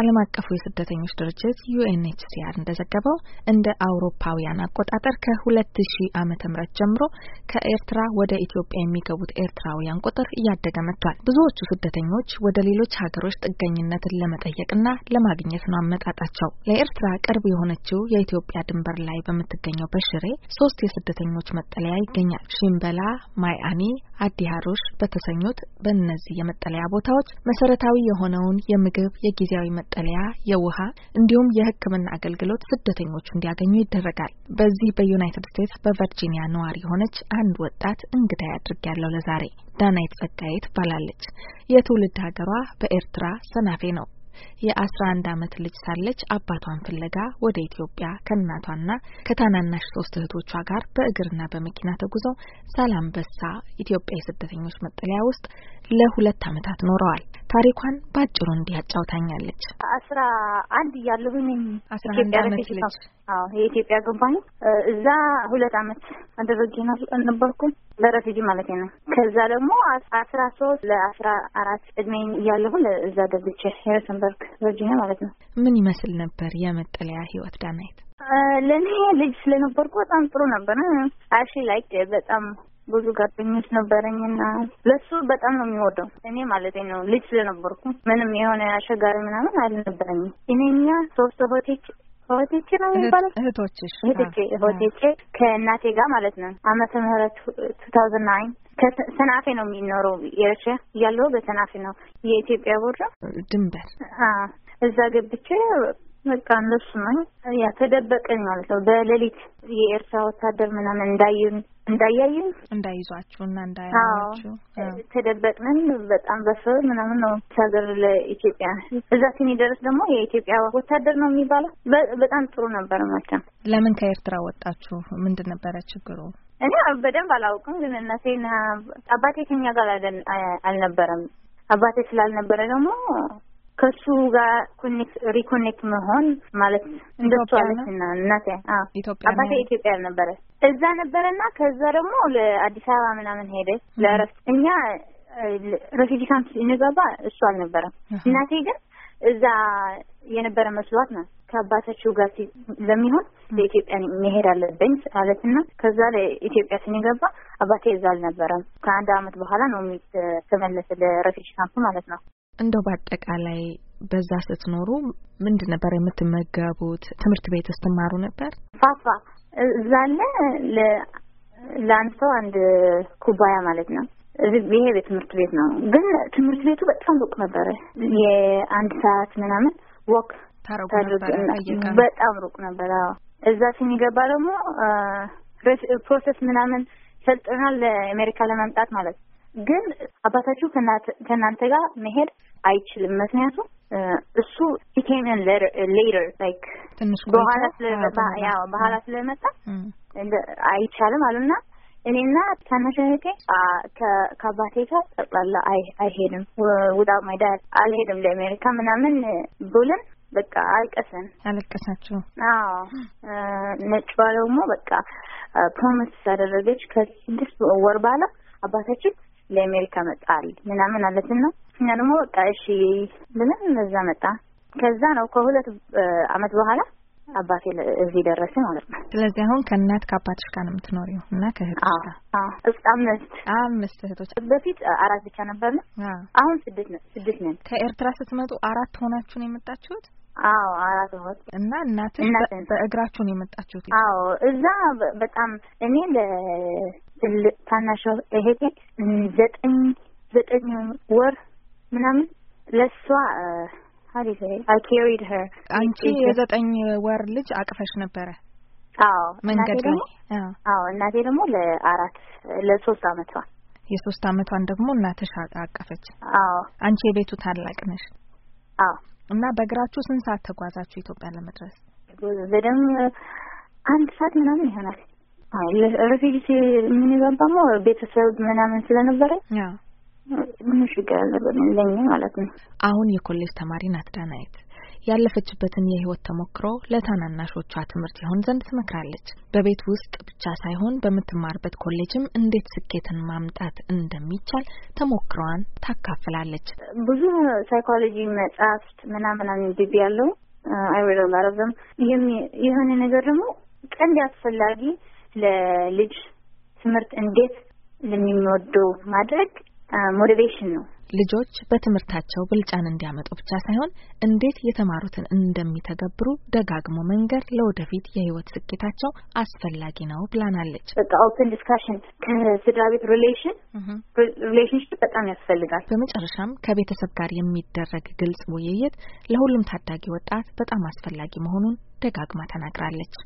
ዓለም አቀፉ የስደተኞች ድርጅት ዩኤንኤችሲአር እንደዘገበው እንደ አውሮፓውያን አቆጣጠር ከ2000 ዓመተ ምህረት ጀምሮ ከኤርትራ ወደ ኢትዮጵያ የሚገቡት ኤርትራውያን ቁጥር እያደገ መጥቷል። ብዙዎቹ ስደተኞች ወደ ሌሎች ሀገሮች ጥገኝነትን ለመጠየቅና ለማግኘት ነው አመጣጣቸው። ለኤርትራ ቅርብ የሆነችው የኢትዮጵያ ድንበር ላይ በምትገኘው በሽሬ ሶስት የስደተኞች መጠለያ ይገኛል። ሽምበላ፣ ማይአኒ፣ አዲሃሮሽ በተሰኙት በእነዚህ የመጠለያ ቦታዎች መሰረታዊ የሆነውን የምግብ የጊዜያዊ መ። መጠለያ፣ የውሃ እንዲሁም የሕክምና አገልግሎት ስደተኞች እንዲያገኙ ይደረጋል። በዚህ በዩናይትድ ስቴትስ በቨርጂኒያ ነዋሪ የሆነች አንድ ወጣት እንግዳ ያድርግ ያለው ለዛሬ ዳናይት ጸጋዬ ትባላለች። የትውልድ ሀገሯ በኤርትራ ሰናፌ ነው። የአስራ አንድ አመት ልጅ ሳለች አባቷን ፍለጋ ወደ ኢትዮጵያ ከእናቷና ከታናናሽ ሶስት እህቶቿ ጋር በእግርና በመኪና ተጉዘው በሳ ኢትዮጵያ የስደተኞች መጠለያ ውስጥ ለሁለት አመታት ኖረዋል። ታሪኳን ባጭሩ እንዲህ አጫውታኛለች። አስራ አንድ እያለሁኝ አስራ አንድ አመት የኢትዮጵያ ገባኝ። እዛ ሁለት አመት አደረጌ ነበርኩ በረፊጂ ማለት ነው። ከዛ ደግሞ አስራ ሶስት ለአስራ አራት እድሜ እያለሁ እዛ ገብቼ ሄረሰንበርግ ቨርጂኒያ ማለት ነው። ምን ይመስል ነበር የመጠለያ ህይወት ዳናይት? ለእኔ ልጅ ስለነበርኩ በጣም ጥሩ ነበር። አሺ ላይክ በጣም ብዙ ጓደኞች ነበረኝ እና ለሱ በጣም ነው የሚወደው። እኔ ማለት ነው ልጅ ስለነበርኩ ምንም የሆነ አሸጋሪ ምናምን አልነበረኝም። እኔኛ ሶስት ሆቴች ሆቴቼ ነው የሚባለው እህቶችሽ እህቶቼ ከእናቴ ጋር ማለት ነው አመተ ምህረት ቱ ታውዝንድ ናይን ከሰናፌ ነው የሚኖረው የረሸ እያለሁ በሰናፌ ነው የኢትዮጵያ ቦርዳ ድንበር እዛ ገብቼ በቃ እንደሱ ነው ያ ተደበቀኝ ማለት ነው። በሌሊት የኤርትራ ወታደር ምናምን እንዳዩን እንዳያዩን እንዳይዟችሁ እና እንዳያችሁ ተደበቅንን። በጣም በፍር ምናምን ነው ሀገር ለኢትዮጵያ እዛ ሲኒ ደረስ ደግሞ የኢትዮጵያ ወታደር ነው የሚባለው። በጣም ጥሩ ነበር። መቸም ለምን ከኤርትራ ወጣችሁ? ምንድን ነበረ ችግሩ? እኔ በደንብ አላውቅም፣ ግን እናቴና አባቴ ከኛ ጋር አልነበረም። አባቴ ስላልነበረ ደግሞ ከሱ ጋር ኮኔክት ሪኮኔክት መሆን ማለት እንደሱ አለችና እናቴ አባቴ ኢትዮጵያ ነበረ እዛ ነበረና ከዛ ደግሞ ለአዲስ አበባ ምናምን ሄደ ለእረፍት። እኛ ረፊጂ ካምፕ እሱ አልነበረም። እናቴ ግን እዛ የነበረ መስሏት ነው ከአባታችሁ ጋር ለሚሆን ለኢትዮጵያ መሄድ አለብኝ ና ከዛ ለኢትዮጵያ ስንገባ አባቴ እዛ አልነበረም። ከአንድ አመት በኋላ ነው የሚተመለስ ለረፊጂ ካምፕ ማለት ነው። እንደው በአጠቃላይ በዛ ስትኖሩ ምንድን ነበር የምትመገቡት? ትምህርት ቤት ስትማሩ ነበር? ፋፋ እዛለ ለአንድ ሰው አንድ ኩባያ ማለት ነው። ይሄ ቤት ትምህርት ቤት ነው። ግን ትምህርት ቤቱ በጣም ሩቅ ነበረ። የአንድ ሰዓት ምናምን ወክ በጣም ሩቅ ነበረ። እዛ ስንገባ ደግሞ ፕሮሰስ ምናምን ሰልጥናል ለአሜሪካ ለመምጣት ማለት ነው። ግን አባታችሁ ከእናንተ ጋር መሄድ አይችልም። ምክንያቱም እሱ ኢኬመን ሌተር ላይክ በኋላ ስለመጣ ያው በኋላ ስለመጣ አይቻልም አሉና እኔና ታናሽነቴ ከአባቴ ጋር ጠቅላላ አይሄድም ውዳት ማይ ዳድ አልሄድም ለአሜሪካ ምናምን ብልን በቃ አልቀሰን አለቀሳችሁ። አዎ ነጭ ባለ ደግሞ በቃ ፕሮሚስ አደረገች። ከስድስት ወር ባለ አባታችን ለአሜሪካ መጣል ምናምን አለትን ነው እኛ ደግሞ በቃ እሺ ብለን እነዛ መጣ። ከዛ ነው ከሁለት አመት በኋላ አባቴ እዚህ ደረሰ ማለት ነው። ስለዚህ አሁን ከእናት ከአባትሽ ጋር ነው የምትኖሪው እና ከእህቶች ጋር? አምስት አምስት እህቶች። በፊት አራት ብቻ ነበር ነው፣ አሁን ስድስት ስድስት ነን። ከኤርትራ ስትመጡ አራት ሆናችሁ ነው የመጣችሁት? አዎ አራት ሆት እና እናት በእግራችሁ ነው የመጣችሁት? አዎ እዛ በጣም እኔ ለትልቅ ታናሽ እህቴ ዘጠኝ ዘጠኝ ወር ምናምን ለእሷ አንቺ የዘጠኝ ወር ልጅ አቅፈሽ ነበረ? አዎ። መንገድ ላይ አዎ። እናቴ ደግሞ ለአራት ለሶስት አመቷ የሶስት አመቷን ደግሞ እናትሽ አቀፈች። አዎ። አንቺ የቤቱ ታላቅ ነሽ? አዎ። እና በእግራችሁ ስንት ሰዓት ተጓዛችሁ ኢትዮጵያ ለመድረስ? በደም አንድ ሰዓት ምናምን ይሆናል። አይ ጊዜ ምን ቤተሰብ ምናምን ስለነበረ ማለት ነው። አሁን የኮሌጅ ተማሪ ናት ዳናይት። ያለፈችበትን የህይወት ተሞክሮ ለታናናሾቿ ትምህርት ይሆን ዘንድ ትመክራለች። በቤት ውስጥ ብቻ ሳይሆን በምትማርበት ኮሌጅም እንዴት ስኬትን ማምጣት እንደሚቻል ተሞክሯን ታካፍላለች። ብዙ ሳይኮሎጂ መጽሐፍት ምናምን አንብቤ ያለው አይሬድ ላረብም የሆነ ነገር ደግሞ ቀንድ አስፈላጊ ለልጅ ትምህርት እንዴት ለሚወደው ማድረግ ሞቲቬሽን ነው። ልጆች በትምህርታቸው ብልጫን እንዲያመጡ ብቻ ሳይሆን እንዴት የተማሩትን እንደሚተገብሩ ደጋግሞ መንገድ ለወደፊት የህይወት ስኬታቸው አስፈላጊ ነው ብላናለች። በቃ ኦፕን ዲስካሽን ከስድራ ቤት ሪሌሽን ሪሌሽንሽፕ በጣም ያስፈልጋል። በመጨረሻም ከቤተሰብ ጋር የሚደረግ ግልጽ ውይይት ለሁሉም ታዳጊ ወጣት በጣም አስፈላጊ መሆኑን ደጋግማ ተናግራለች።